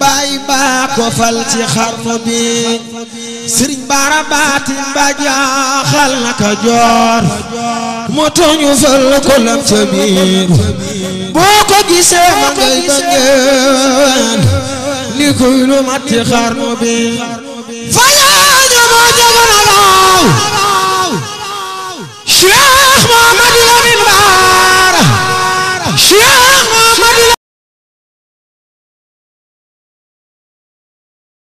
baay baa ko fal ci xarnu bi sëriñ baara baatin ba jaaxal na ko joor mu tooñu ko lam ca biir boo ko gisee ma ngay bëggeen ni kuy lu mat ci xarnu bi fa yaa jaboo jaboon a laaw